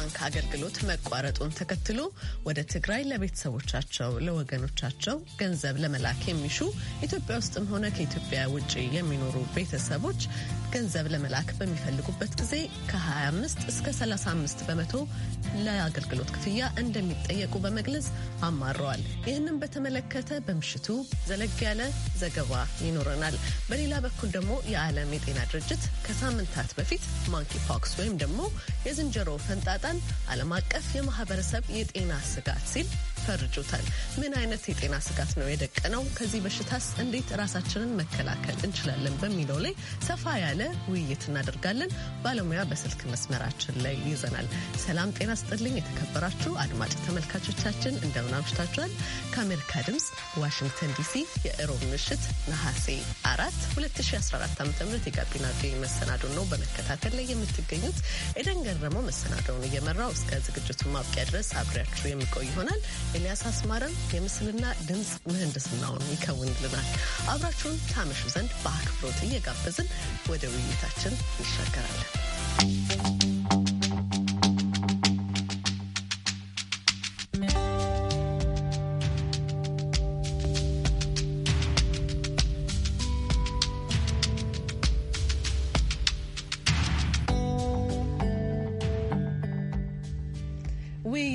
ባንክ አገልግሎት መቋረጡን ተከትሎ ወደ ትግራይ ለቤተሰቦቻቸው ለወገኖቻቸው ገንዘብ ለመላክ የሚሹ ኢትዮጵያ ውስጥም ሆነ ከኢትዮጵያ ውጭ የሚኖሩ ቤተሰቦች ገንዘብ ለመላክ በሚፈልጉበት ጊዜ ከ25 እስከ 35 በመቶ ለአገልግሎት ክፍያ እንደሚጠየቁ በመግለጽ አማረዋል። ይህንን በተመለከተ በምሽቱ ዘለግ ያለ ዘገባ ይኖረናል። በሌላ በኩል ደግሞ የዓለም የጤና ድርጅት ከሳምንታት በፊት ማንኪ ፖክስ ወይም ደግሞ የዝንጀሮ ፈንጣጣን ዓለም አቀፍ የማህበረሰብ የጤና ስጋት ሲል ፈርጆታል። ምን አይነት የጤና ስጋት ነው የደቀነው? ከዚህ በሽታስ እንዴት ራሳችንን መከላከል እንችላለን? በሚለው ላይ ሰፋ ያለ ውይይት እናደርጋለን። ባለሙያ በስልክ መስመራችን ላይ ይዘናል። ሰላም ጤና ስጥልኝ። የተከበራችሁ አድማጭ ተመልካቾቻችን እንደምን አምሽታችኋል? ከአሜሪካ ድምፅ ዋሽንግተን ዲሲ የእሮብ ምሽት ነሐሴ አራት 2014 ዓ ም የጋቢና ቪኦኤ መሰናዶን ነው በመከታተል ላይ የምትገኙት። ኤደን ገረመው መሰናዶውን እየመራው እስከ ዝግጅቱ ማብቂያ ድረስ አብሬያችሁ የሚቆይ ይሆናል። ኤልያስ አስማረም የምስልና ድምፅ ምህንድስናውን ይከውንልናል። አብራችሁን ታመሹ ዘንድ በአክብሮት እየጋበዝን ወደ ውይይታችን ይሻገራለን።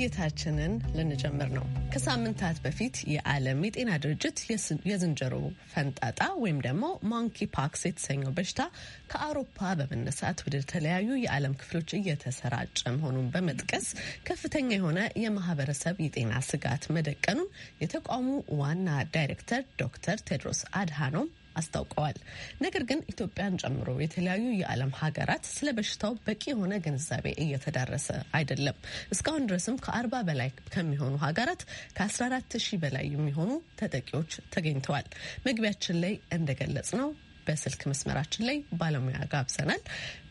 ውይይታችንን ልንጀምር ነው። ከሳምንታት በፊት የዓለም የጤና ድርጅት የዝንጀሮ ፈንጣጣ ወይም ደግሞ ማንኪ ፓክስ የተሰኘው በሽታ ከአውሮፓ በመነሳት ወደ ተለያዩ የዓለም ክፍሎች እየተሰራጨ መሆኑን በመጥቀስ ከፍተኛ የሆነ የማህበረሰብ የጤና ስጋት መደቀኑን የተቋሙ ዋና ዳይሬክተር ዶክተር ቴድሮስ አድሃኖም አስታውቀዋል። ነገር ግን ኢትዮጵያን ጨምሮ የተለያዩ የዓለም ሀገራት ስለ በሽታው በቂ የሆነ ግንዛቤ እየተዳረሰ አይደለም። እስካሁን ድረስም ከአርባ በላይ ከሚሆኑ ሀገራት ከ14 ሺህ በላይ የሚሆኑ ተጠቂዎች ተገኝተዋል። መግቢያችን ላይ እንደገለጽ ነው በስልክ መስመራችን ላይ ባለሙያ ጋብዘናል።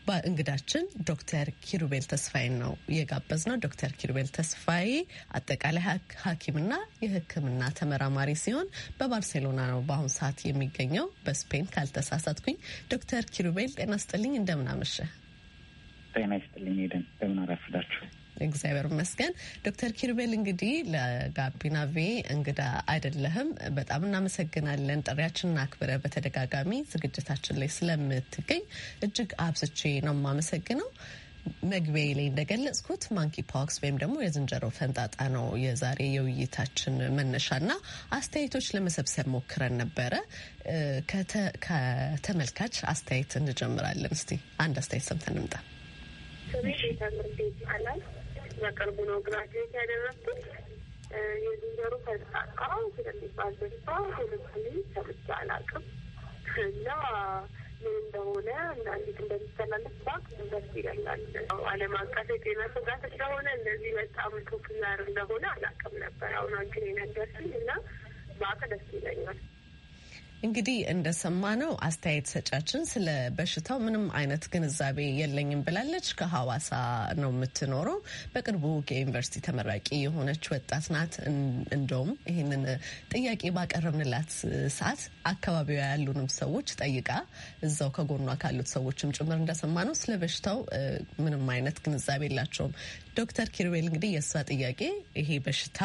በእንግዳችን ዶክተር ኪሩቤል ተስፋዬ ነው የጋበዝ ነው። ዶክተር ኪሩቤል ተስፋዬ አጠቃላይ ሐኪምና የሕክምና ተመራማሪ ሲሆን በባርሴሎና ነው በአሁኑ ሰዓት የሚገኘው በስፔን ካልተሳሳትኩኝ። ዶክተር ኪሩቤል ጤና ስጥልኝ፣ እንደምናመሸ ጤና ይስጥልኝ። ሄደን እንደምን አረፍዳችሁ? እግዚአብሔር ይመስገን። ዶክተር ኪርቤል እንግዲህ ለጋቢና ቬ እንግዳ አይደለህም። በጣም እናመሰግናለን ጥሪያችንን አክብረ በተደጋጋሚ ዝግጅታችን ላይ ስለምትገኝ እጅግ አብዝቼ ነው የማመሰግነው። መግቢያ ላይ እንደገለጽኩት ማንኪ ፓክስ ወይም ደግሞ የዝንጀሮ ፈንጣጣ ነው የዛሬ የውይይታችን መነሻና አስተያየቶች ለመሰብሰብ ሞክረን ነበረ። ከተመልካች አስተያየት እንጀምራለን። እስቲ አንድ አስተያየት ሰምተን እንምጣ። በቅርቡ ነው ግራጁዌት ያደረግኩት። የዝንጀሮ ፈንጣጣ ስለሚባል በሽታ ሁለትሊ ሰምቼ አላውቅም እና ምን እንደሆነ እና እንዴት እንደሚተላለፍ ባክ ደስ ይለኛል። ዓለም አቀፍ የጤና ስጋት እንደሆነ እንደዚህ በጣም ፖፑላር እንደሆነ አላውቅም ነበር። አሁን አንቺን የነገርሽኝ እና ባክ ደስ ይለኛል። እንግዲህ እንደሰማነው አስተያየት ሰጫችን ስለ በሽታው ምንም አይነት ግንዛቤ የለኝም ብላለች። ከሐዋሳ ነው የምትኖረው። በቅርቡ ከዩኒቨርሲቲ ተመራቂ የሆነች ወጣት ናት። እንደውም ይህንን ጥያቄ ባቀረብንላት ሰዓት አካባቢዋ ያሉንም ሰዎች ጠይቃ እዛው ከጎኗ ካሉት ሰዎችም ጭምር እንደሰማነው ስለ በሽታው ምንም አይነት ግንዛቤ የላቸውም። ዶክተር ኪርቤል እንግዲህ የእሷ ጥያቄ ይሄ በሽታ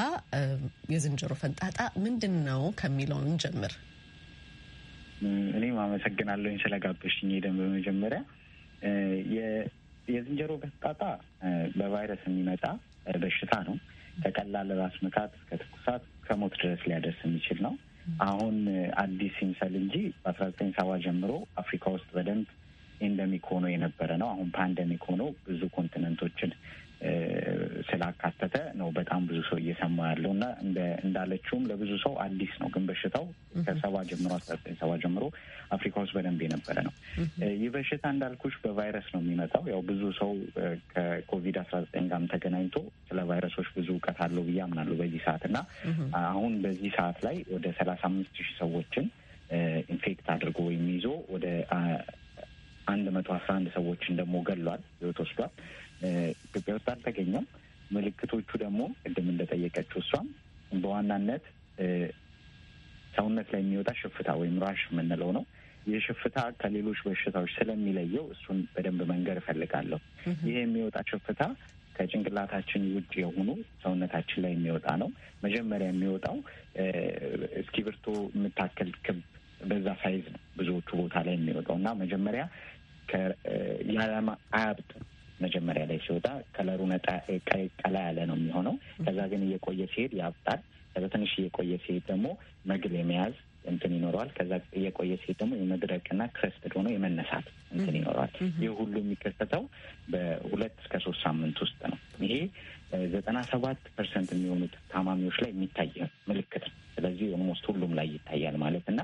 የዝንጀሮ ፈንጣጣ ምንድን ነው ከሚለውን ጀምር እኔም አመሰግናለሁኝ ስለጋበሽኝ። ሄደን በመጀመሪያ የዝንጀሮ ገጣጣ በቫይረስ የሚመጣ በሽታ ነው። ከቀላል ራስ ምታት እስከ ትኩሳት ከሞት ድረስ ሊያደርስ የሚችል ነው። አሁን አዲስ ይምሰል እንጂ በአስራ ዘጠኝ ሰባ ጀምሮ አፍሪካ ውስጥ በደንብ ኢንደሚክ ሆኖ የነበረ ነው። አሁን ፓንደሚክ ሆኖ ብዙ ኮንቲነንቶችን ስላካተተ ነው በጣም ብዙ ሰው እየሰማ ያለው እና እንዳለችውም ለብዙ ሰው አዲስ ነው፣ ግን በሽታው ከሰባ ጀምሮ አስራ ዘጠኝ ሰባ ጀምሮ አፍሪካ ውስጥ በደንብ የነበረ ነው። ይህ በሽታ እንዳልኩሽ በቫይረስ ነው የሚመጣው። ያው ብዙ ሰው ከኮቪድ አስራ ዘጠኝ ጋርም ተገናኝቶ ስለ ቫይረሶች ብዙ እውቀት አለው ብዬ አምናለሁ በዚህ ሰዓት እና አሁን በዚህ ሰዓት ላይ ወደ ሰላሳ አምስት ሺህ ሰዎችን ኢንፌክት አድርጎ ወይም ይዞ ወደ አንድ መቶ አስራ አንድ ሰዎችን ደግሞ ገሏል፣ ህይወት ወስዷል። ኢትዮጵያ ውስጥ አልተገኘም። ምልክቶቹ ደግሞ ቅድም እንደጠየቀችው እሷም በዋናነት ሰውነት ላይ የሚወጣ ሽፍታ ወይም ራሽ የምንለው ነው። ይህ ሽፍታ ከሌሎች በሽታዎች ስለሚለየው እሱን በደንብ መንገር እፈልጋለሁ። ይህ የሚወጣ ሽፍታ ከጭንቅላታችን ውጭ የሆኑ ሰውነታችን ላይ የሚወጣ ነው። መጀመሪያ የሚወጣው እስክሪብቶ የምታክል ክብ በዛ ሳይዝ ነው ብዙዎቹ ቦታ ላይ የሚወጣው እና መጀመሪያ አያብጥም መጀመሪያ ላይ ሲወጣ ከለሩ ነጣ ቀላ ያለ ነው የሚሆነው። ከዛ ግን እየቆየ ሲሄድ ያብጣል። ከዛ ትንሽ እየቆየ ሲሄድ ደግሞ መግል የመያዝ እንትን ይኖረዋል። ከዛ እየቆየ ሲሄድ ደግሞ የመድረቅና ክረስትድ ሆኖ የመነሳት እንትን ይኖረዋል። ይህ ሁሉ የሚከሰተው በሁለት እስከ ሶስት ሳምንት ውስጥ ነው። ይሄ ዘጠና ሰባት ፐርሰንት የሚሆኑት ታማሚዎች ላይ የሚታይ ምልክት ነው። ስለዚህ ኦልሞስት ሁሉም ላይ ይታያል ማለት እና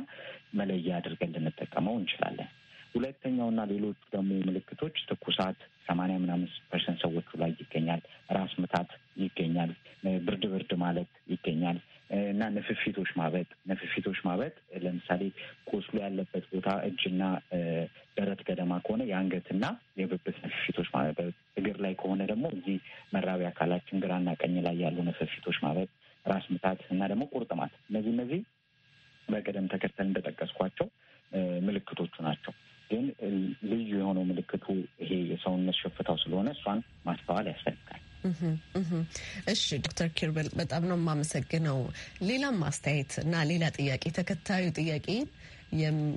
መለያ አድርገን ልንጠቀመው እንችላለን። ሁለተኛውና ሌሎቹ ደግሞ ምልክቶች ትኩሳት ሰማንያ ምናምስት ፐርሰንት ሰዎቹ ላይ ይገኛል። ራስ ምታት ይገኛል። ብርድ ብርድ ማለት ይገኛል እና ንፍፊቶች ማበጥ ንፍፊቶች ማበጥ ለምሳሌ ቁስሉ ያለበት ቦታ እጅና ደረት ገደማ ከሆነ የአንገትና የብብት ንፍፊቶች ማበጥ፣ እግር ላይ ከሆነ ደግሞ እዚህ መራቢያ አካላችን ግራና ቀኝ ላይ ያሉ ንፍፊቶች ማበጥ፣ ራስ ምታት እና ደግሞ ቁርጥማት እነዚህ እነዚህ በቅደም ተከተል እንደጠቀስኳቸው ምልክቶቹ ናቸው። ግን ልዩ የሆነው ምልክቱ ይሄ የሰውነት ሽፍታው ስለሆነ እሷን ማስተዋል ያስፈልጋል። እሺ ዶክተር ኪርበል በጣም ነው የማመሰግነው። ሌላም ማስተያየት እና ሌላ ጥያቄ ተከታዩ ጥያቄ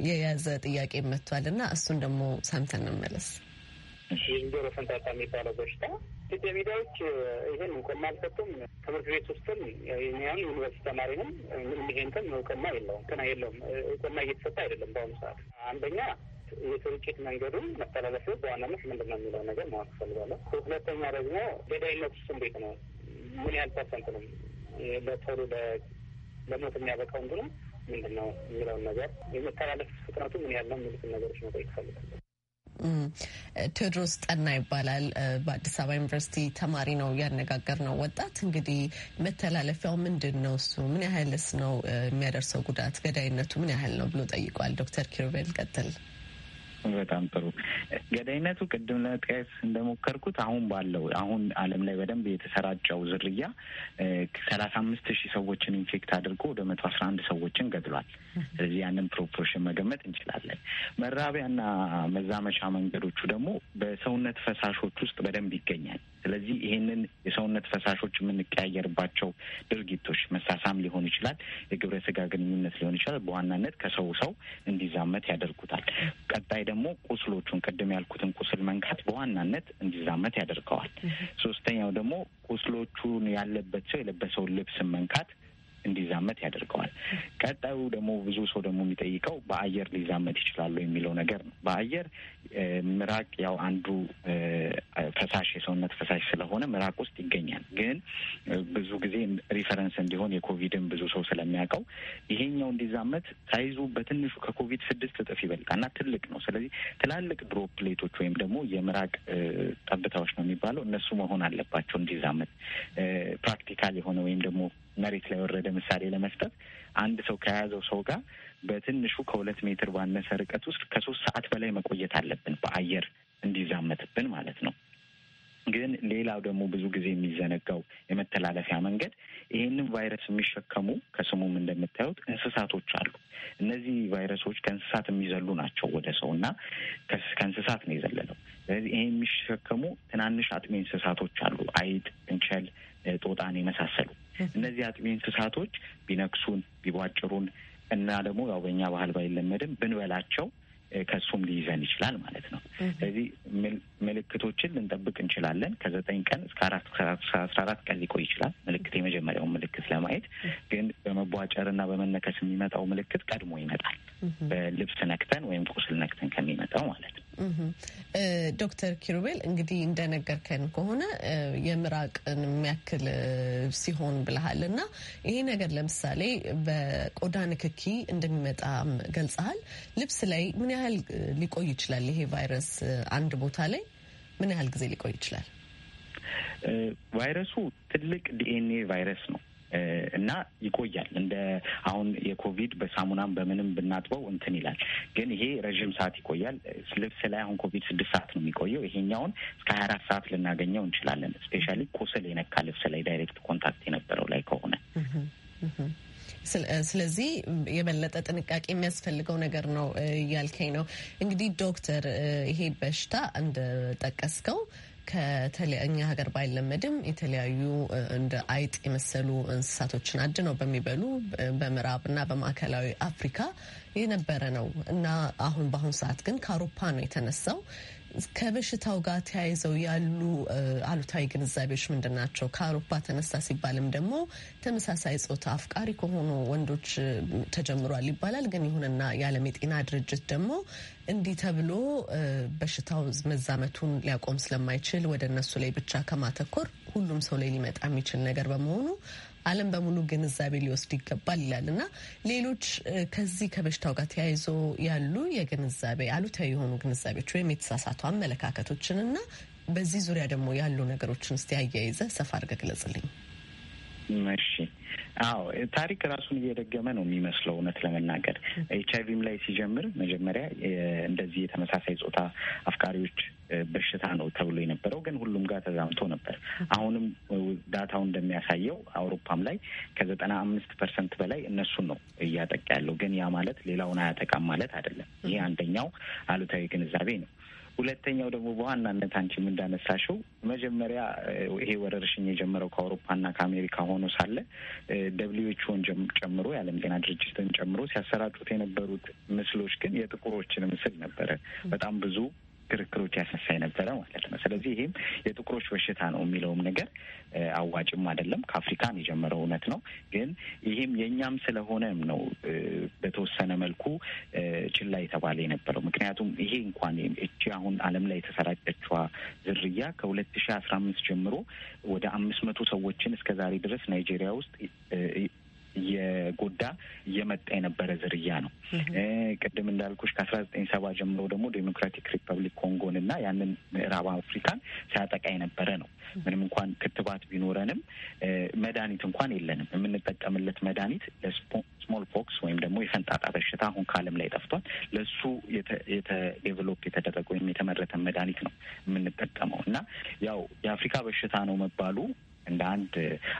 የያዘ ጥያቄ መጥቷል እና እሱን ደግሞ ሰምተን እንመለስ። የዝንጀሮ ፈንጣጣ የሚባለው በሽታ ኢትዮጵያ ሜዳዎች ይህን እውቅና አልሰጡም። ትምህርት ቤት ውስጥም ያም ዩኒቨርሲቲ ተማሪንም ነው ምንም ይሄንትን እውቅና የለውም እውቅና የለውም እውቅና እየተሰጠ አይደለም በአሁኑ ሰዓት አንደኛ የስርጭት መንገዱን መተላለፍ በዋናነት ምንድን ነው የሚለው ነገር ማወቅ ፈልጋለሁ። ሁለተኛ ደግሞ ገዳይነት እሱ እንዴት ነው ምን ያህል ፐርሰንት ነው ለቶሎ ለሞት የሚያበቃው እንትኑ ምንድን ነው የሚለውን ነገር የመተላለፍ ፍጥነቱ ምን ነው የሚሉትን ነገሮች መጠየቅ ፈልጋለሁ። ቴዎድሮስ ጠና ይባላል። በአዲስ አበባ ዩኒቨርሲቲ ተማሪ ነው ያነጋገር ነው ወጣት። እንግዲህ መተላለፊያው ምንድን ነው እሱ ምን ያህልስ ነው የሚያደርሰው ጉዳት ገዳይነቱ ምን ያህል ነው ብሎ ጠይቋል። ዶክተር ኪሩቤል ቀጥል በጣም ጥሩ። ገዳይነቱ ቅድም ለመጥቀስ እንደሞከርኩት አሁን ባለው አሁን አለም ላይ በደንብ የተሰራጨው ዝርያ ሰላሳ አምስት ሺህ ሰዎችን ኢንፌክት አድርጎ ወደ መቶ አስራ አንድ ሰዎችን ገድሏል። ስለዚህ ያንን ፕሮፖርሽን መገመት እንችላለን። መራቢያና መዛመቻ መንገዶቹ ደግሞ በሰውነት ፈሳሾች ውስጥ በደንብ ይገኛል። ስለዚህ ይሄንን የሰውነት ፈሳሾች የምንቀያየርባቸው ድርጊቶች መሳሳም ሊሆን ይችላል፣ የግብረ ስጋ ግንኙነት ሊሆን ይችላል። በዋናነት ከሰው ሰው እንዲዛመት ያደርጉታል። ቀጣይ ደግሞ ቁስሎቹን ቅድም ያልኩትን ቁስል መንካት በዋናነት እንዲዛመት ያደርገዋል። ሶስተኛው ደግሞ ቁስሎቹን ያለበት ሰው የለበሰውን ልብስ መንካት እንዲዛመት ያደርገዋል። ቀጣዩ ደግሞ ብዙ ሰው ደግሞ የሚጠይቀው በአየር ሊዛመት ይችላሉ የሚለው ነገር ነው። በአየር ምራቅ ያው አንዱ ፈሳሽ የሰውነት ፈሳሽ ስለሆነ ምራቅ ውስጥ ይገኛል። ግን ብዙ ጊዜ ሪፈረንስ እንዲሆን የኮቪድን ብዙ ሰው ስለሚያውቀው ይሄኛው እንዲዛመት ሳይዙ በትንሹ ከኮቪድ ስድስት እጥፍ እና ትልቅ ነው። ስለዚህ ትላልቅ ድሮፕሌቶች ወይም ደግሞ የምራቅ ጠብታዎች ነው የሚባለው እነሱ መሆን አለባቸው እንዲዛመት ፕራክቲካል የሆነ ወይም ደግሞ መሬት ላይ ወረደ ምሳሌ ለመስጠት አንድ ሰው ከያዘው ሰው ጋር በትንሹ ከሁለት ሜትር ባነሰ ርቀት ውስጥ ከሶስት ሰዓት በላይ መቆየት አለብን በአየር እንዲዛመትብን ማለት ነው። ግን ሌላው ደግሞ ብዙ ጊዜ የሚዘነጋው የመተላለፊያ መንገድ ይህንን ቫይረስ የሚሸከሙ ከስሙም እንደምታዩት እንስሳቶች አሉ። እነዚህ ቫይረሶች ከእንስሳት የሚዘሉ ናቸው ወደ ሰው እና ከእንስሳት ነው የዘለለው። ስለዚህ ይሄ የሚሸከሙ ትናንሽ አጥቢ እንስሳቶች አሉ፣ አይጥ፣ እንቸል፣ ጦጣን የመሳሰሉ እነዚህ አጥቢ እንስሳቶች ቢነክሱን፣ ቢቧጭሩን እና ደግሞ ያው በእኛ ባህል ባይለመድም ብንበላቸው ከሱም ሊይዘን ይችላል ማለት ነው። ስለዚህ ምልክቶችን ልንጠብቅ እንችላለን። ከዘጠኝ ቀን እስከ አራት አስራ አራት ቀን ሊቆይ ይችላል። ምልክት የመጀመሪያውን ምልክት ለማየት ግን በመቧጨርና በመነከስ የሚመጣው ምልክት ቀድሞ ይመጣል። በልብስ ነክተን ወይም ቁስል ነክተን ከሚመጣው ማለት ነው። ዶክተር ኪሩቤል እንግዲህ እንደነገርከን ከሆነ የምራቅን የሚያክል ሲሆን ብልሃል እና ይሄ ነገር ለምሳሌ በቆዳ ንክኪ እንደሚመጣም ገልጸሃል። ልብስ ላይ ምን ያህል ሊቆይ ይችላል? ይሄ ቫይረስ አንድ ቦታ ላይ ምን ያህል ጊዜ ሊቆይ ይችላል? ቫይረሱ ትልቅ ዲኤንኤ ቫይረስ ነው። እና ይቆያል። እንደ አሁን የኮቪድ በሳሙናም በምንም ብናጥበው እንትን ይላል፣ ግን ይሄ ረዥም ሰዓት ይቆያል። ልብስ ላይ አሁን ኮቪድ ስድስት ሰዓት ነው የሚቆየው። ይሄኛውን እስከ ሀያ አራት ሰዓት ልናገኘው እንችላለን። ስፔሻሊ ቁስል የነካ ልብስ ላይ ዳይሬክት ኮንታክት የነበረው ላይ ከሆነ ስለዚህ የበለጠ ጥንቃቄ የሚያስፈልገው ነገር ነው እያልከኝ ነው። እንግዲህ ዶክተር፣ ይሄ በሽታ እንደጠቀስከው ከተለያኛ ሀገር ባይለመድም የተለያዩ እንደ አይጥ የመሰሉ እንስሳቶችን አድነው በሚበሉ በምዕራብ እና በማዕከላዊ አፍሪካ የነበረ ነው እና አሁን በአሁኑ ሰዓት ግን ከአውሮፓ ነው የተነሳው። ከበሽታው ጋር ተያይዘው ያሉ አሉታዊ ግንዛቤዎች ምንድን ናቸው? ከአውሮፓ ተነሳ ሲባልም ደግሞ ተመሳሳይ ጾታ አፍቃሪ ከሆኑ ወንዶች ተጀምሯል ይባላል። ግን ይሁንና የዓለም የጤና ድርጅት ደግሞ እንዲህ ተብሎ በሽታው መዛመቱን ሊያቆም ስለማይችል ወደ እነሱ ላይ ብቻ ከማተኮር ሁሉም ሰው ላይ ሊመጣ የሚችል ነገር በመሆኑ ዓለም በሙሉ ግንዛቤ ሊወስድ ይገባል ይላል እና ሌሎች ከዚህ ከበሽታው ጋር ተያይዞ ያሉ የግንዛቤ አሉታዊ የሆኑ ግንዛቤዎች ወይም የተሳሳቱ አመለካከቶችን እና በዚህ ዙሪያ ደግሞ ያሉ ነገሮችን እስቲ አያይዘ ሰፋ አድርገህ ግለጽልኝ። እሺ አዎ ታሪክ ራሱን እየደገመ ነው የሚመስለው። እውነት ለመናገር ኤች አይቪም ላይ ሲጀምር መጀመሪያ እንደዚህ የተመሳሳይ ጾታ አፍቃሪዎች በሽታ ነው ተብሎ የነበረው ግን ሁሉም ጋር ተዛምቶ ነበር። አሁንም ዳታው እንደሚያሳየው አውሮፓም ላይ ከዘጠና አምስት ፐርሰንት በላይ እነሱን ነው እያጠቃ ያለው። ግን ያ ማለት ሌላውን አያጠቃም ማለት አይደለም። ይህ አንደኛው አሉታዊ ግንዛቤ ነው። ሁለተኛው ደግሞ በዋናነት አንቺም እንዳነሳሽው መጀመሪያ ይሄ ወረርሽኝ የጀመረው ከአውሮፓና ከአሜሪካ ሆኖ ሳለ ደብሊዎችን ጨምሮ የዓለም ጤና ድርጅትን ጨምሮ ሲያሰራጩት የነበሩት ምስሎች ግን የጥቁሮችን ምስል ነበረ። በጣም ብዙ ክርክሮች ያስነሳ የነበረ ማለት ነው። ስለዚህ ይህም የጥቁሮች በሽታ ነው የሚለውም ነገር አዋጭም አይደለም። ከአፍሪካን የጀመረው እውነት ነው። ግን ይህም የእኛም ስለሆነም ነው በተወሰነ መልኩ ችላ የተባለ የነበረው። ምክንያቱም ይሄ እንኳን እቺ አሁን ዓለም ላይ የተሰራጨችዋ ዝርያ ከሁለት ሺ አስራ አምስት ጀምሮ ወደ አምስት መቶ ሰዎችን እስከ ዛሬ ድረስ ናይጄሪያ ውስጥ እየጎዳ እየመጣ የነበረ ዝርያ ነው። ቅድም እንዳልኩሽ ከአስራ ዘጠኝ ሰባ ጀምሮ ደግሞ ዴሞክራቲክ ሪፐብሊክ ኮንጎን እና ያንን ምዕራብ አፍሪካን ሲያጠቃ የነበረ ነው። ምንም እንኳን ክትባት ቢኖረንም መድኃኒት እንኳን የለንም። የምንጠቀምለት መድኃኒት ለስሞል ፖክስ ወይም ደግሞ የፈንጣጣ በሽታ አሁን ከዓለም ላይ ጠፍቷል። ለሱ ዴቨሎፕ የተደረገ ወይም የተመረተ መድኃኒት ነው የምንጠቀመው እና ያው የአፍሪካ በሽታ ነው መባሉ እንደ አንድ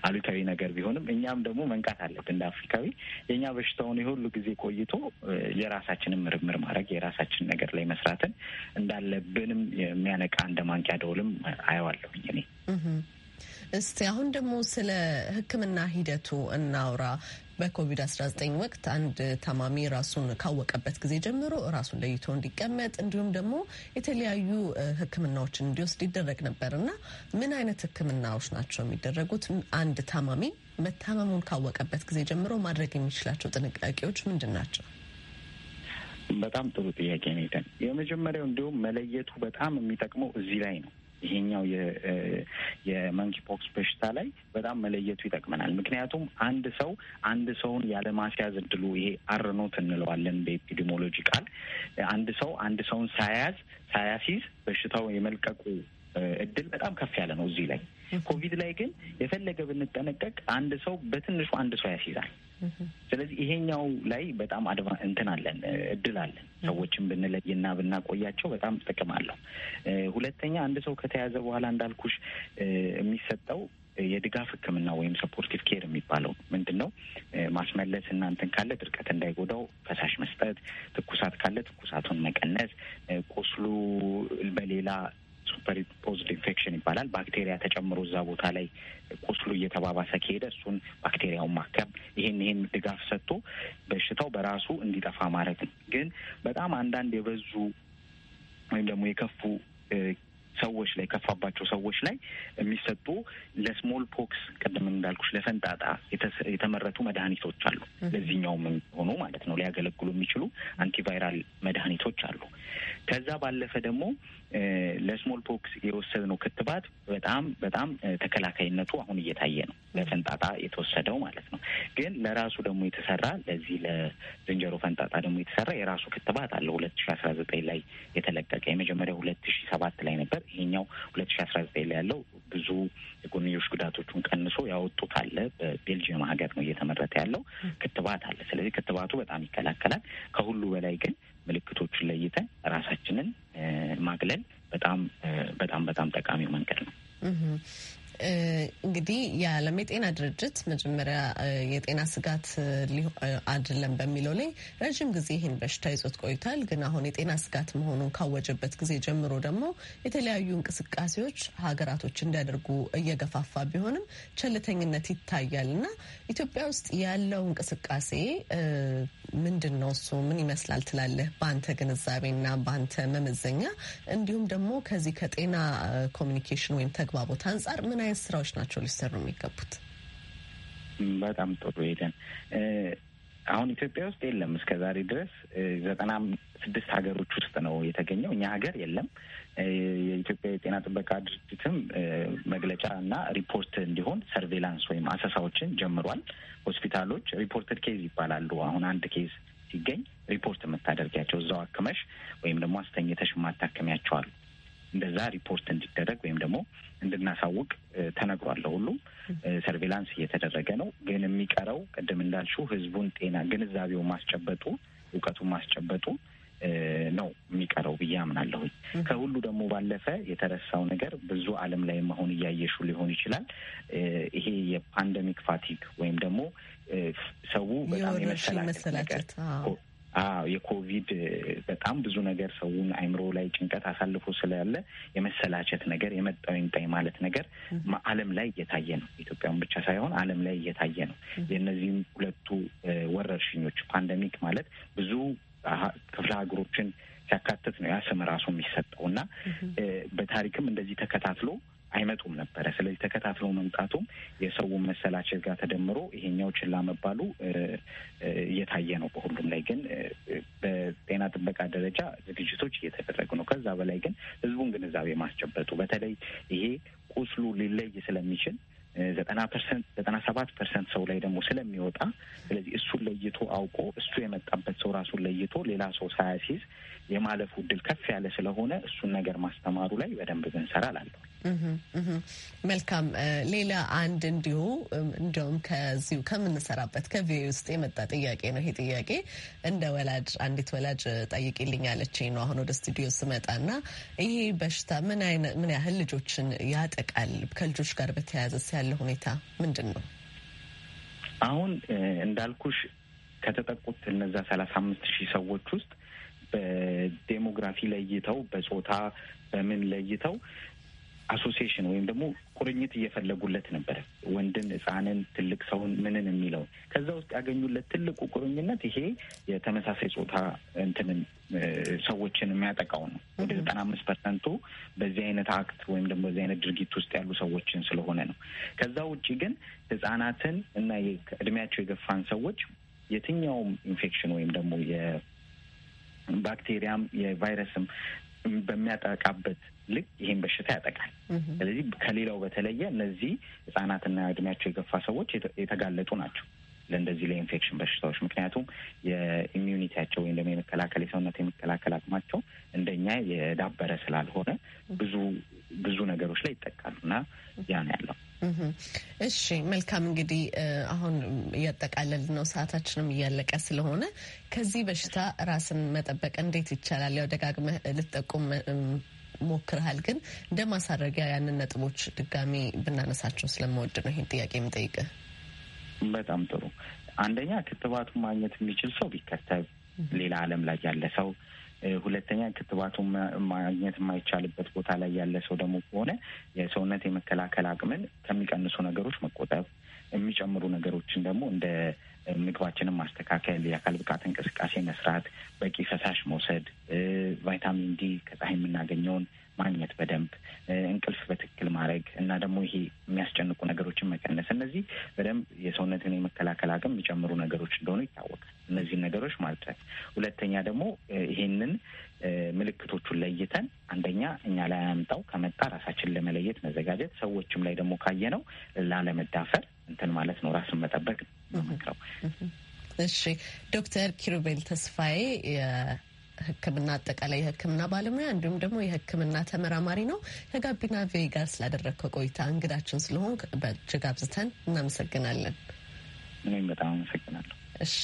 አሉታዊ ነገር ቢሆንም እኛም ደግሞ መንቃት አለብን። እንደ አፍሪካዊ የእኛ በሽታውን የሁሉ ጊዜ ቆይቶ የራሳችንን ምርምር ማድረግ የራሳችን ነገር ላይ መስራትን እንዳለብንም የሚያነቃ እንደ ማንቂያ ደውልም አየዋለሁኝ እኔ። እስቲ አሁን ደግሞ ስለ ሕክምና ሂደቱ እናውራ። በኮቪድ-19 ወቅት አንድ ታማሚ ራሱን ካወቀበት ጊዜ ጀምሮ ራሱን ለይቶ እንዲቀመጥ እንዲሁም ደግሞ የተለያዩ ሕክምናዎችን እንዲወስድ ይደረግ ነበር እና ምን አይነት ሕክምናዎች ናቸው የሚደረጉት? አንድ ታማሚ መታመሙን ካወቀበት ጊዜ ጀምሮ ማድረግ የሚችላቸው ጥንቃቄዎች ምንድን ናቸው? በጣም ጥሩ ጥያቄ ነው። የመጀመሪያው እንዲሁም መለየቱ በጣም የሚጠቅመው እዚህ ላይ ነው። ይሄኛው የመንኪፖክስ በሽታ ላይ በጣም መለየቱ ይጠቅመናል። ምክንያቱም አንድ ሰው አንድ ሰውን ያለማስያዝ እድሉ ይሄ አርኖት እንለዋለን በኤፒዲሞሎጂ ቃል አንድ ሰው አንድ ሰውን ሳያዝ ሳያሲዝ በሽታው የመልቀቁ እድል በጣም ከፍ ያለ ነው። እዚህ ላይ ኮቪድ ላይ ግን የፈለገ ብንጠነቀቅ አንድ ሰው በትንሹ አንድ ሰው ያስይዛል። ስለዚህ ይሄኛው ላይ በጣም አድቫ እንትን አለን እድል አለን። ሰዎችን ብንለይና ብናቆያቸው በጣም ጥቅም አለው። ሁለተኛ አንድ ሰው ከተያዘ በኋላ እንዳልኩሽ የሚሰጠው የድጋፍ ሕክምና ወይም ሰፖርቲቭ ኬር የሚባለው ምንድን ነው? ማስመለስ እና እንትን ካለ ድርቀት እንዳይጎዳው ፈሳሽ መስጠት፣ ትኩሳት ካለ ትኩሳቱን መቀነስ፣ ቁስሉ በሌላ ሱፐር ኢምፖዝድ ኢንፌክሽን ይባላል። ባክቴሪያ ተጨምሮ እዛ ቦታ ላይ ቁስሉ እየተባባሰ ከሄደ እሱን ባክቴሪያውን ማከም፣ ይሄን ይሄን ድጋፍ ሰጥቶ በሽታው በራሱ እንዲጠፋ ማለት ነው። ግን በጣም አንዳንድ የበዙ ወይም ደግሞ የከፉ ሰዎች ላይ ከፋባቸው ሰዎች ላይ የሚሰጡ ለስሞል ፖክስ ቅድም እንዳልኩሽ ለፈንጣጣ የተመረቱ መድኃኒቶች አሉ። ለዚህኛውም ሆኖ ማለት ነው ሊያገለግሉ የሚችሉ አንቲቫይራል መድኃኒቶች አሉ። ከዛ ባለፈ ደግሞ ለስሞል ፖክስ የወሰድነው ክትባት በጣም በጣም ተከላካይነቱ አሁን እየታየ ነው። ለፈንጣጣ የተወሰደው ማለት ነው። ግን ለራሱ ደግሞ የተሰራ ለዚህ ለዝንጀሮ ፈንጣጣ ደግሞ የተሰራ የራሱ ክትባት አለ። ሁለት ሺ አስራ ዘጠኝ ላይ የተለቀቀ የመጀመሪያው ሁለት ሺ ሰባት ላይ ነበር። ይሄኛው ሁለት ሺ አስራ ዘጠኝ ላይ ያለው ብዙ የጎንዮሽ ጉዳቶቹን ቀንሶ ያወጡት አለ። በቤልጅየም ሀገር ነው እየተመረተ ያለው ክትባት አለ። ስለዚህ ክትባቱ በጣም ይከላከላል። ከሁሉ በላይ ግን ምልክቶቹን ለይተን ራሳችንን ማግለል በጣም በጣም በጣም ጠቃሚ መንገድ ነው። እንግዲህ የዓለም የጤና ድርጅት መጀመሪያ የጤና ስጋት አይደለም በሚለው ላይ ረዥም ጊዜ ይህን በሽታ ይዞት ቆይቷል። ግን አሁን የጤና ስጋት መሆኑን ካወጀበት ጊዜ ጀምሮ ደግሞ የተለያዩ እንቅስቃሴዎች ሀገራቶች እንዲያደርጉ እየገፋፋ ቢሆንም ቸልተኝነት ይታያል እና ኢትዮጵያ ውስጥ ያለው እንቅስቃሴ ምንድን ነው? እሱ ምን ይመስላል ትላለህ? በአንተ ግንዛቤና በአንተ መመዘኛ እንዲሁም ደግሞ ከዚህ ከጤና ኮሚኒኬሽን ወይም ተግባቦት አንጻር ምን አይነት ስራዎች ናቸው ሊሰሩ የሚገቡት? በጣም ጥሩ ሄደን አሁን ኢትዮጵያ ውስጥ የለም። እስከ ዛሬ ድረስ ዘጠና ስድስት ሀገሮች ውስጥ ነው የተገኘው። እኛ ሀገር የለም። የኢትዮጵያ የጤና ጥበቃ ድርጅትም መግለጫ እና ሪፖርት እንዲሆን ሰርቬላንስ ወይም አሰሳዎችን ጀምሯል። ሆስፒታሎች ሪፖርትድ ኬዝ ይባላሉ። አሁን አንድ ኬዝ ሲገኝ ሪፖርት የምታደርጊያቸው እዛው አክመሽ ወይም ደግሞ አስተኝተሽ ማታከሚያቸዋሉ። እንደዛ ሪፖርት እንዲደረግ ወይም ደግሞ እንድናሳውቅ ተነግሯል። ሁሉም ሰርቬላንስ እየተደረገ ነው። ግን የሚቀረው ቅድም እንዳልሽው ህዝቡን ጤና ግንዛቤው ማስጨበጡ እውቀቱን ማስጨበጡ ነው የሚቀረው ብዬ አምናለሁኝ። ከሁሉ ደግሞ ባለፈ የተረሳው ነገር ብዙ ዓለም ላይ መሆን እያየሹ ሊሆን ይችላል። ይሄ የፓንደሚክ ፋቲግ ወይም ደግሞ ሰው በጣም የመሰላቸት ነገር የኮቪድ በጣም ብዙ ነገር ሰውን አይምሮ ላይ ጭንቀት አሳልፎ ስላለ የመሰላቸት ነገር የመጣው ይምጣኝ ማለት ነገር ዓለም ላይ እየታየ ነው። ኢትዮጵያን ብቻ ሳይሆን ዓለም ላይ እየታየ ነው። የእነዚህም ሁለቱ ወረርሽኞች ፓንደሚክ ማለት ብዙ ክፍለ ሀገሮችን ሲያካትት ነው ያ ስም ራሱ የሚሰጠው እና በታሪክም እንደዚህ ተከታትሎ አይመጡም ነበረ። ስለዚህ ተከታትሎ መምጣቱም የሰውን መሰላቸት ጋር ተደምሮ ይሄኛው ችላ መባሉ እየታየ ነው። በሁሉም ላይ ግን በጤና ጥበቃ ደረጃ ዝግጅቶች እየተደረጉ ነው። ከዛ በላይ ግን ህዝቡን ግንዛቤ ማስጨበጡ በተለይ ይሄ ቁስሉ ሊለይ ስለሚችል ዘጠና ፐርሰንት ዘጠና ሰባት ፐርሰንት ሰው ላይ ደግሞ ስለሚወጣ ስለዚህ እሱን ለይቶ አውቆ እሱ የመጣበት ሰው ራሱን ለይቶ ሌላ ሰው ሳያሲዝ የማለፉ እድል ከፍ ያለ ስለሆነ እሱን ነገር ማስተማሩ ላይ በደንብ ብንሰራ ላለሁ። መልካም። ሌላ አንድ እንዲሁ እንዲሁም ከዚሁ ከምንሰራበት ከቪኦኤ ውስጥ የመጣ ጥያቄ ነው። ይሄ ጥያቄ እንደ ወላጅ አንዲት ወላጅ ጠይቅልኝ ያለችኝ ነው። አሁን ወደ ስቱዲዮ ስመጣና ይሄ በሽታ ምን ምን ያህል ልጆችን ያጠቃል? ከልጆች ጋር በተያያዘስ ያለ ሁኔታ ምንድን ነው? አሁን እንዳልኩሽ ከተጠቁት እነዛ ሰላሳ አምስት ሺህ ሰዎች ውስጥ በዴሞግራፊ ለይተው በጾታ በምን ለይተው አሶሲሽን ወይም ደግሞ ቁርኝት እየፈለጉለት ነበረ። ወንድን፣ ህፃንን፣ ትልቅ ሰውን ምንን የሚለው ከዛ ውስጥ ያገኙለት ትልቁ ቁርኝነት ይሄ የተመሳሳይ ጾታ እንትንን ሰዎችን የሚያጠቃው ነው። ወደ ዘጠና አምስት ፐርሰንቱ በዚህ አይነት አክት ወይም ደግሞ በዚህ አይነት ድርጊት ውስጥ ያሉ ሰዎችን ስለሆነ ነው። ከዛ ውጭ ግን ህጻናትን እና እድሜያቸው የገፋን ሰዎች የትኛውም ኢንፌክሽን ወይም ደግሞ ባክቴሪያም የቫይረስም በሚያጠቃበት ልክ ይህን በሽታ ያጠቃል። ስለዚህ ከሌላው በተለየ እነዚህ ህጻናትና እድሜያቸው የገፋ ሰዎች የተጋለጡ ናቸው። ለእንደዚህ ለኢንፌክሽን በሽታዎች። ምክንያቱም የኢሚዩኒቲያቸው ወይም ደግሞ የመከላከል የሰውነት የመከላከል አቅማቸው እንደኛ የዳበረ ስላልሆነ ብዙ ብዙ ነገሮች ላይ ይጠቃሉ እና ያ ነው ያለው። እሺ መልካም እንግዲህ አሁን እያጠቃለል ነው፣ ሰዓታችንም እያለቀ ስለሆነ ከዚህ በሽታ ራስን መጠበቅ እንዴት ይቻላል? ያው ደጋግመህ ልትጠቁም ሞክርሃል፣ ግን እንደ ማሳረጊያ ያንን ነጥቦች ድጋሚ ብናነሳቸው ስለመወድ ነው ይህን ጥያቄ የምጠይቅህ። በጣም ጥሩ። አንደኛ ክትባቱን ማግኘት የሚችል ሰው ቢከተብ ሌላ ዓለም ላይ ያለ ሰው ሁለተኛ ክትባቱን ማግኘት የማይቻልበት ቦታ ላይ ያለ ሰው ደግሞ ከሆነ የሰውነት የመከላከል አቅምን ከሚቀንሱ ነገሮች መቆጠብ፣ የሚጨምሩ ነገሮችን ደግሞ እንደ ምግባችንን ማስተካከል፣ የአካል ብቃት እንቅስቃሴ መስራት፣ በቂ ፈሳሽ መውሰድ፣ ቫይታሚን ዲ ከፀሐይ የምናገኘውን ማግኘት በደንብ እንቅልፍ በትክክል ማድረግ እና ደግሞ ይሄ የሚያስጨንቁ ነገሮችን መቀነስ፣ እነዚህ በደንብ የሰውነትን የመከላከል አቅም የሚጨምሩ ነገሮች እንደሆኑ ይታወቃል። እነዚህን ነገሮች ማድረግ። ሁለተኛ ደግሞ ይሄንን ምልክቶቹን ለይተን አንደኛ እኛ ላይ አያምጣው፣ ከመጣ ራሳችን ለመለየት መዘጋጀት፣ ሰዎችም ላይ ደግሞ ካየነው ላለመዳፈር እንትን ማለት ነው፣ ራስን መጠበቅ ነው መክረው። እሺ ዶክተር ኪሩቤል ተስፋዬ ሕክምና አጠቃላይ የሕክምና ባለሙያ እንዲሁም ደግሞ የሕክምና ተመራማሪ ነው። ከጋቢና ቪኦኤ ጋር ስላደረግከው ቆይታ እንግዳችን ስለሆን በእጅግ አብዝተን እናመሰግናለን። እኔም በጣም አመሰግናለሁ። እሺ፣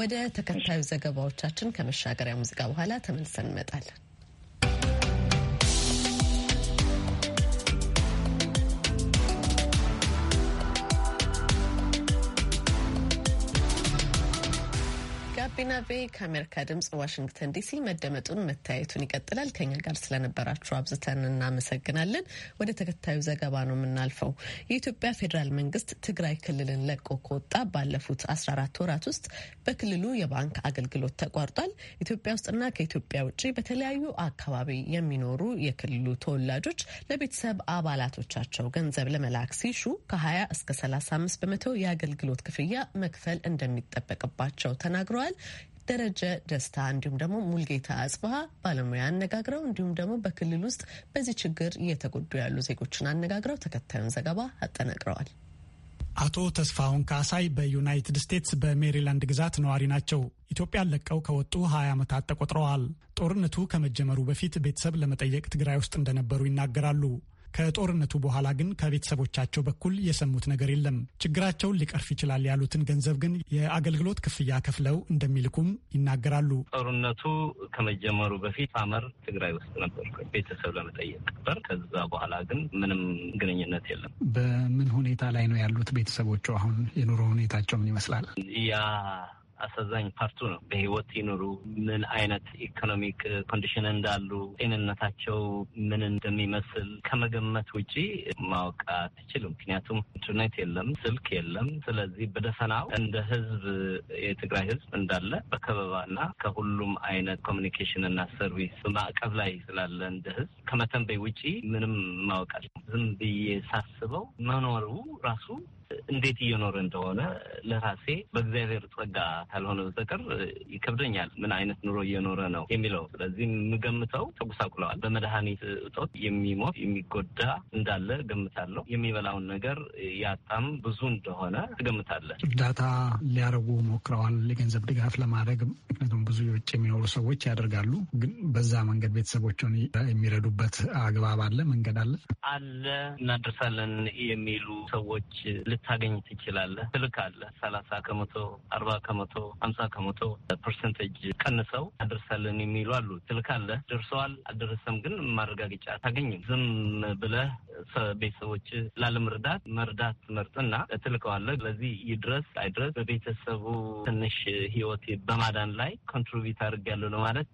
ወደ ተከታዩ ዘገባዎቻችን ከመሻገሪያ ሙዚቃ በኋላ ተመልሰን እንመጣለን። ጋቢና ቤ ከአሜሪካ ድምጽ ዋሽንግተን ዲሲ መደመጡን መታየቱን ይቀጥላል። ከኛ ጋር ስለነበራችሁ አብዝተን እናመሰግናለን። ወደ ተከታዩ ዘገባ ነው የምናልፈው። የኢትዮጵያ ፌዴራል መንግስት ትግራይ ክልልን ለቆ ከወጣ ባለፉት 14 ወራት ውስጥ በክልሉ የባንክ አገልግሎት ተቋርጧል። ኢትዮጵያ ውስጥና ከኢትዮጵያ ውጭ በተለያዩ አካባቢ የሚኖሩ የክልሉ ተወላጆች ለቤተሰብ አባላቶቻቸው ገንዘብ ለመላክ ሲሹ ከ20 እስከ 35 በመቶ የአገልግሎት ክፍያ መክፈል እንደሚጠበቅባቸው ተናግረዋል። ደረጀ ደስታ እንዲሁም ደግሞ ሙልጌታ አጽብሃ ባለሙያ አነጋግረው እንዲሁም ደግሞ በክልል ውስጥ በዚህ ችግር እየተጎዱ ያሉ ዜጎችን አነጋግረው ተከታዩን ዘገባ አጠናቅረዋል። አቶ ተስፋሁን ካሳይ በዩናይትድ ስቴትስ በሜሪላንድ ግዛት ነዋሪ ናቸው። ኢትዮጵያን ለቀው ከወጡ 20 ዓመታት ተቆጥረዋል። ጦርነቱ ከመጀመሩ በፊት ቤተሰብ ለመጠየቅ ትግራይ ውስጥ እንደነበሩ ይናገራሉ። ከጦርነቱ በኋላ ግን ከቤተሰቦቻቸው በኩል የሰሙት ነገር የለም። ችግራቸውን ሊቀርፍ ይችላል ያሉትን ገንዘብ ግን የአገልግሎት ክፍያ ከፍለው እንደሚልኩም ይናገራሉ። ጦርነቱ ከመጀመሩ በፊት አመር ትግራይ ውስጥ ነበር ቤተሰብ ለመጠየቅ ነበር። ከዛ በኋላ ግን ምንም ግንኙነት የለም። በምን ሁኔታ ላይ ነው ያሉት ቤተሰቦቹ? አሁን የኑሮ ሁኔታቸው ምን ይመስላል? ያ አሳዛኝ ፓርቱ ነው። በህይወት ይኑሩ፣ ምን አይነት ኢኮኖሚክ ኮንዲሽን እንዳሉ፣ ጤንነታቸው ምን እንደሚመስል ከመገመት ውጪ ማወቅ አትችልም። ምክንያቱም ኢንተርኔት የለም፣ ስልክ የለም። ስለዚህ በደፈናው እንደ ህዝብ የትግራይ ህዝብ እንዳለ በከበባና ከሁሉም አይነት ኮሚኒኬሽን እና ሰርቪስ በማዕቀብ ላይ ስላለ እንደ ህዝብ ከመተንበይ ውጪ ምንም ማወቅ ዝም ብዬ ሳስበው መኖሩ ራሱ እንዴት እየኖረ እንደሆነ ለራሴ በእግዚአብሔር ጸጋ ካልሆነ በስተቀር ይከብደኛል። ምን አይነት ኑሮ እየኖረ ነው የሚለው። ስለዚህ የምገምተው ተጉሳቁለዋል በመድኃኒት እጦት የሚሞት የሚጎዳ እንዳለ እገምታለሁ። የሚበላውን ነገር ያጣም ብዙ እንደሆነ ትገምታለህ። እርዳታ ሊያደርጉ ሞክረዋል፣ የገንዘብ ድጋፍ ለማድረግ ምክንያቱም ብዙ የውጭ የሚኖሩ ሰዎች ያደርጋሉ። ግን በዛ መንገድ ቤተሰቦችን የሚረዱበት አግባብ አለ፣ መንገድ አለ አለ እናደርሳለን የሚሉ ሰዎች ልታገኝ ትችላለህ። አለ ሰላሳ ከመቶ አርባ ከመቶ ሀምሳ ከመቶ ፐርሰንቴጅ ቀንሰው አደርሳለን የሚሉ አሉ። ስልክ አለ ደርሰዋል አልደረሰም ግን ማረጋገጫ አታገኝም። ዝም ብለህ ቤተሰቦች ላለመርዳት መርዳት መርጥና ትልከዋለህ። ለዚህ ይድረስ አይድረስ በቤተሰቡ ትንሽ ህይወት በማዳን ላይ ኮንትሪቢዩት አድርጌያለሁ ለማለት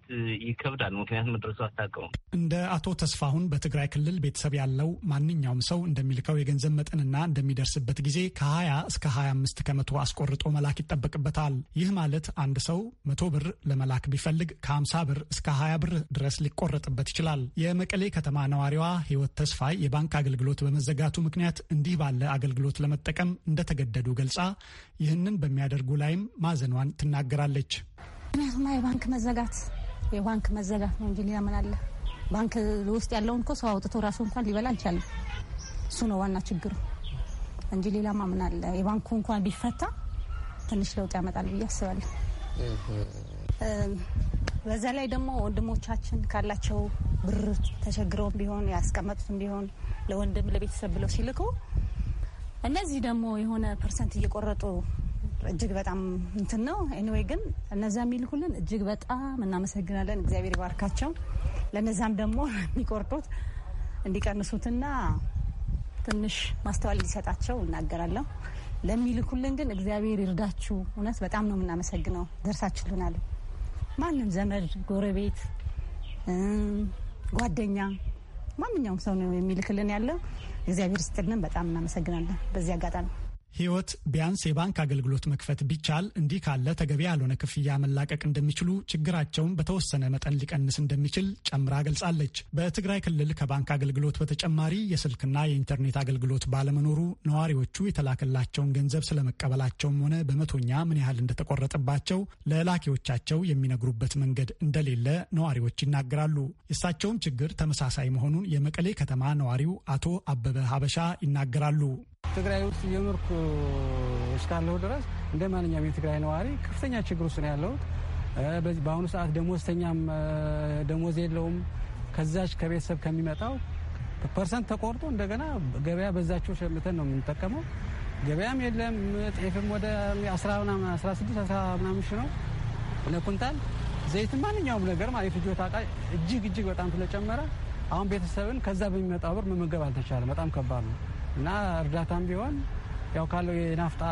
ይከብዳል። ምክንያቱም መድረሱ አታውቀውም። እንደ አቶ ተስፋሁን በትግራይ ክልል ቤተሰብ ያለው ማንኛውም ሰው እንደሚልከው የገንዘብ መጠንና እንደሚደርስበት ጊዜ ከ20 ሀያ 25 ከመቶ አስቆርጦ መላክ ይጠበቅበታል። ይህ ማለት አንድ ሰው መቶ ብር ለመላክ ቢፈልግ ከሀምሳ ብር እስከ 20 ብር ድረስ ሊቆረጥበት ይችላል። የመቀሌ ከተማ ነዋሪዋ ህይወት ተስፋይ የባንክ ባንክ አገልግሎት በመዘጋቱ ምክንያት እንዲህ ባለ አገልግሎት ለመጠቀም እንደተገደዱ ገልጻ ይህንን በሚያደርጉ ላይም ማዘኗን ትናገራለች። ምክንያቱም የባንክ መዘጋት የባንክ መዘጋት ነው እንጂ ሌላ ምን አለ? ባንክ ውስጥ ያለውን እኮ ሰው አውጥቶ ራሱ እንኳን ሊበላ አልቻለም። እሱ ነው ዋና ችግሩ እንጂ ሌላማ ምን አለ? የባንኩ እንኳን ቢፈታ ትንሽ ለውጥ ያመጣል ብዬ አስባለሁ። በዛ ላይ ደግሞ ወንድሞቻችን ካላቸው ብር ተቸግረው ቢሆን ያስቀመጡትም ቢሆን ለወንድም ለቤተሰብ ብለው ሲልኩ እነዚህ ደግሞ የሆነ ፐርሰንት እየቆረጡ እጅግ በጣም እንትን ነው። ኤኒዌይ ግን እነዛ የሚልኩልን እጅግ በጣም እናመሰግናለን። እግዚአብሔር ይባርካቸው። ለነዛም ደግሞ የሚቆርጡት እንዲቀንሱትና ትንሽ ማስተዋል እንዲሰጣቸው እናገራለሁ። ለሚልኩልን ግን እግዚአብሔር ይርዳችሁ። እውነት በጣም ነው የምናመሰግነው። ደርሳችሁልናል። ማንም ዘመድ፣ ጎረቤት፣ ጓደኛ ማንኛውም ሰው ነው የሚልክልን ያለው። እግዚአብሔር ስጥልን። በጣም እናመሰግናለን በዚህ አጋጣሚ ህይወት ቢያንስ የባንክ አገልግሎት መክፈት ቢቻል እንዲህ ካለ ተገቢ ያልሆነ ክፍያ መላቀቅ እንደሚችሉ ችግራቸውን በተወሰነ መጠን ሊቀንስ እንደሚችል ጨምራ ገልጻለች። በትግራይ ክልል ከባንክ አገልግሎት በተጨማሪ የስልክና የኢንተርኔት አገልግሎት ባለመኖሩ ነዋሪዎቹ የተላከላቸውን ገንዘብ ስለመቀበላቸውም ሆነ በመቶኛ ምን ያህል እንደተቆረጠባቸው ለላኪዎቻቸው የሚነግሩበት መንገድ እንደሌለ ነዋሪዎች ይናገራሉ። የእሳቸውም ችግር ተመሳሳይ መሆኑን የመቀሌ ከተማ ነዋሪው አቶ አበበ ሀበሻ ይናገራሉ። ትግራይ ውስጥ እየኖርኩ እስካለሁ ድረስ እንደ ማንኛውም የትግራይ ነዋሪ ከፍተኛ ችግር ውስጥ ነው ያለሁት። በአሁኑ ሰዓት ደሞዝተኛም ደሞዝ የለውም። ከዛች ከቤተሰብ ከሚመጣው ፐርሰንት ተቆርጦ እንደገና ገበያ በዛቸው ሸምተን ነው የምንጠቀመው። ገበያም የለም። ጤፍም ወደ 16 ምናምን ሺህ ነው ለኩንታል። ዘይትም ማንኛውም ነገር የፍጆታ ዕቃ እጅግ እጅግ በጣም ስለጨመረ አሁን ቤተሰብን ከዛ በሚመጣ ብር መመገብ አልተቻለም። በጣም ከባድ ነው። እና እርዳታም ቢሆን ያው ካለው የናፍጣ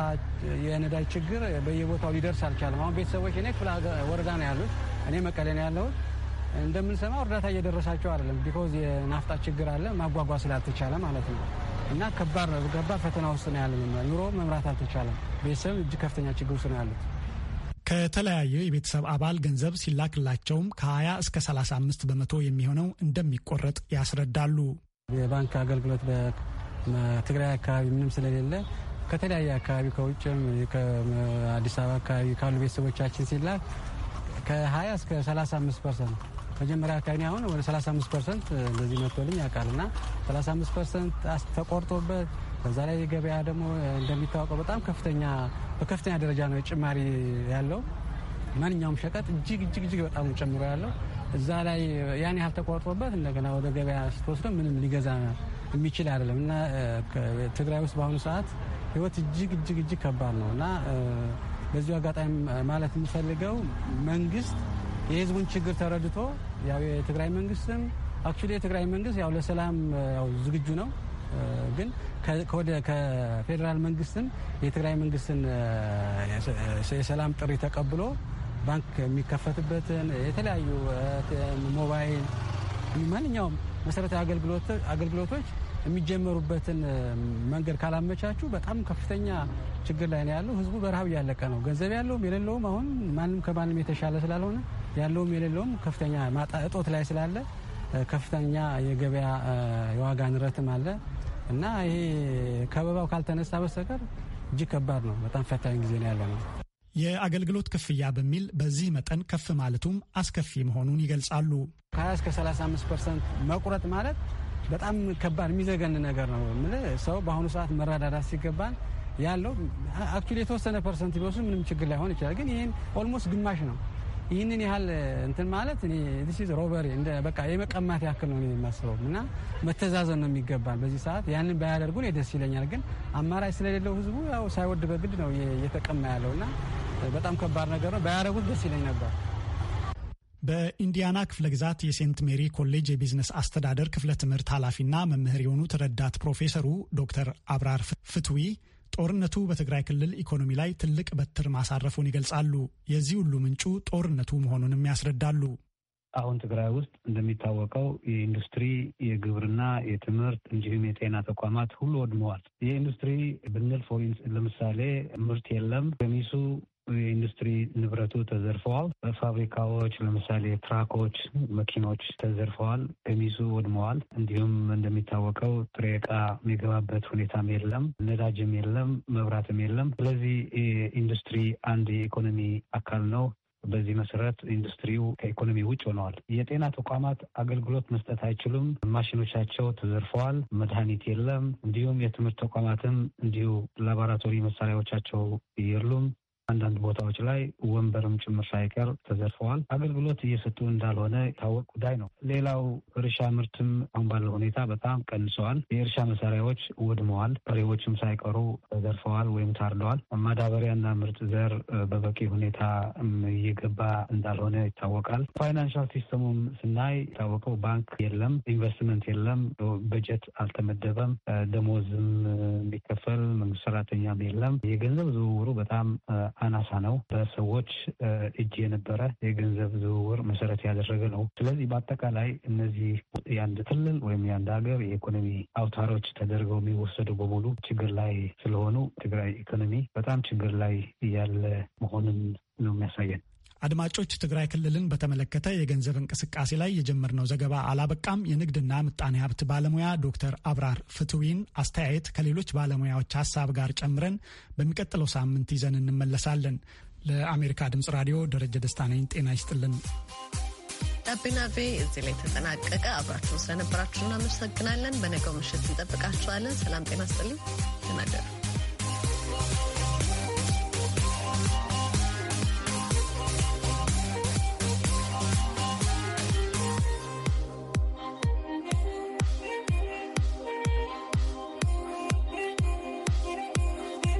የነዳጅ ችግር በየቦታው ሊደርስ አልቻለም። አሁን ቤተሰቦች እኔ ክፍለ ወረዳ ነው ያሉት፣ እኔ መቀሌ ነው ያለሁት። እንደምንሰማው እርዳታ እየደረሳቸው አይደለም። ቢኮዝ የናፍጣ ችግር አለ፣ ማጓጓ ስላልተቻለ ማለት ነው። እና ከባድ ነው፣ ከባድ ፈተና ውስጥ ነው ያለ። ኑሮ መምራት አልተቻለም። ቤተሰብ እጅግ ከፍተኛ ችግር ውስጥ ነው ያሉት። ከተለያየ የቤተሰብ አባል ገንዘብ ሲላክላቸውም ከ20 እስከ 35 በመቶ የሚሆነው እንደሚቆረጥ ያስረዳሉ። የባንክ አገልግሎት ትግራይ አካባቢ ምንም ስለሌለ ከተለያየ አካባቢ ከውጭም ከአዲስ አበባ አካባቢ ካሉ ቤተሰቦቻችን ሲላክ ከ20 እስከ 35 ፐርሰንት መጀመሪያ አካባቢ አሁን ወደ 35 ፐርሰንት እንደዚህ መጥቶልኝ ያውቃል እና 35 ፐርሰንት ተቆርጦበት በዛ ላይ ገበያ ደግሞ እንደሚታወቀው በጣም ከፍተኛ በከፍተኛ ደረጃ ነው ጭማሪ ያለው። ማንኛውም ሸቀጥ እጅግ እጅግ እጅግ በጣም ጨምሮ ያለው እዛ ላይ ያን ያህል ተቆርጦበት እንደገና ወደ ገበያ ስትወስደው ምንም ሊገዛ የሚችል አይደለም እና ትግራይ ውስጥ በአሁኑ ሰዓት ህይወት እጅግ እጅግ እጅግ ከባድ ነው እና በዚሁ አጋጣሚ ማለት የምፈልገው መንግስት የህዝቡን ችግር ተረድቶ ያው የትግራይ መንግስትም አክቹሊ የትግራይ መንግስት ያው ለሰላም ያው ዝግጁ ነው ግን ከወደ ከፌዴራል መንግስትም የትግራይ መንግስትን የሰላም ጥሪ ተቀብሎ ባንክ የሚከፈትበትን የተለያዩ ሞባይል ማንኛውም መሰረታዊ አገልግሎቶች የሚጀመሩበትን መንገድ ካላመቻቹ በጣም ከፍተኛ ችግር ላይ ነው ያለው። ህዝቡ በረሃብ እያለቀ ነው። ገንዘብ ያለውም የሌለውም አሁን ማንም ከማንም የተሻለ ስላልሆነ ያለውም የሌለውም ከፍተኛ ማጣ እጦት ላይ ስላለ ከፍተኛ የገበያ የዋጋ ንረትም አለ እና ይሄ ከበባው ካልተነሳ በስተቀር እጅግ ከባድ ነው። በጣም ፈታኝ ጊዜ ነው ያለ ነው። የአገልግሎት ክፍያ በሚል በዚህ መጠን ከፍ ማለቱም አስከፊ መሆኑን ይገልጻሉ። ከ20 እስከ 35 ፐርሰንት መቁረጥ ማለት በጣም ከባድ የሚዘገን ነገር ነው። ሰው በአሁኑ ሰዓት መረዳዳት ሲገባን ያለው አክቹዋሊ የተወሰነ ፐርሰንት ቢወስዱ ምንም ችግር ላይሆን ይችላል። ግን ይህን ኦልሞስት ግማሽ ነው። ይህንን ያህል እንትን ማለት ሮበሪ በቃ የመቀማት ያክል ነው የሚመስለው እና መተዛዘን ነው የሚገባን በዚህ ሰዓት። ያንን ባያደርጉ እኔ ደስ ይለኛል። ግን አማራጭ ስለሌለው ህዝቡ ያው ሳይወድ በግድ ነው እየተቀማ ያለው እና በጣም ከባድ ነገር ነው። ባያደርጉት ደስ ይለኝ ነበር። በኢንዲያና ክፍለ ግዛት የሴንት ሜሪ ኮሌጅ የቢዝነስ አስተዳደር ክፍለ ትምህርት ኃላፊና መምህር የሆኑት ረዳት ፕሮፌሰሩ ዶክተር አብራር ፍትዊ ጦርነቱ በትግራይ ክልል ኢኮኖሚ ላይ ትልቅ በትር ማሳረፉን ይገልጻሉ። የዚህ ሁሉ ምንጩ ጦርነቱ መሆኑንም ያስረዳሉ። አሁን ትግራይ ውስጥ እንደሚታወቀው የኢንዱስትሪ፣ የግብርና፣ የትምህርት እንዲሁም የጤና ተቋማት ሁሉ ወድመዋል። የኢንዱስትሪ ብንል ፎሪንስ ለምሳሌ ምርት የለም፣ ገሚሱ የኢንዱስትሪ ንብረቱ ተዘርፈዋል። ፋብሪካዎች ለምሳሌ ትራኮች፣ መኪኖች ተዘርፈዋል፣ ገሚሱ ወድመዋል። እንዲሁም እንደሚታወቀው ጥሬ ዕቃ የሚገባበት ሁኔታም የለም፣ ነዳጅም የለም፣ መብራትም የለም። ስለዚህ ኢንዱስትሪ አንድ የኢኮኖሚ አካል ነው። በዚህ መሰረት ኢንዱስትሪው ከኢኮኖሚ ውጭ ሆነዋል። የጤና ተቋማት አገልግሎት መስጠት አይችሉም። ማሽኖቻቸው ተዘርፈዋል። መድኃኒት የለም። እንዲሁም የትምህርት ተቋማትም እንዲሁ ላቦራቶሪ መሳሪያዎቻቸው የሉም። አንዳንድ ቦታዎች ላይ ወንበርም ጭምር ሳይቀር ተዘርፈዋል። አገልግሎት እየሰጡ እንዳልሆነ የታወቀ ጉዳይ ነው። ሌላው እርሻ ምርትም አሁን ባለው ሁኔታ በጣም ቀንሰዋል። የእርሻ መሳሪያዎች ወድመዋል። በሬዎችም ሳይቀሩ ተዘርፈዋል ወይም ታርደዋል። ማዳበሪያና ምርጥ ዘር በበቂ ሁኔታ እየገባ እንዳልሆነ ይታወቃል። ፋይናንሻል ሲስተሙም ስናይ የታወቀው ባንክ የለም፣ ኢንቨስትመንት የለም፣ በጀት አልተመደበም፣ ደሞዝም የሚከፈል መንግስት ሰራተኛም የለም። የገንዘብ ዝውውሩ በጣም አናሳ ነው። በሰዎች እጅ የነበረ የገንዘብ ዝውውር መሰረት ያደረገ ነው። ስለዚህ በአጠቃላይ እነዚህ የአንድ ክልል ወይም የአንድ ሀገር የኢኮኖሚ አውታሮች ተደርገው የሚወሰዱ በሙሉ ችግር ላይ ስለሆኑ ትግራይ ኢኮኖሚ በጣም ችግር ላይ ያለ መሆኑን ነው የሚያሳየን። አድማጮች፣ ትግራይ ክልልን በተመለከተ የገንዘብ እንቅስቃሴ ላይ የጀመርነው ዘገባ አላበቃም። የንግድና ምጣኔ ሀብት ባለሙያ ዶክተር አብራር ፍትዊን አስተያየት ከሌሎች ባለሙያዎች ሀሳብ ጋር ጨምረን በሚቀጥለው ሳምንት ይዘን እንመለሳለን። ለአሜሪካ ድምጽ ራዲዮ ደረጀ ደስታ ነኝ። ጤና ይስጥልን። ጋቢና ቤ እዚህ ላይ ተጠናቀቀ። አብራችሁን ስለነበራችሁ እናመሰግናለን። በነገው ምሽት እንጠብቃችኋለን። ሰላም ጤና ስጥልኝ ተናገሩ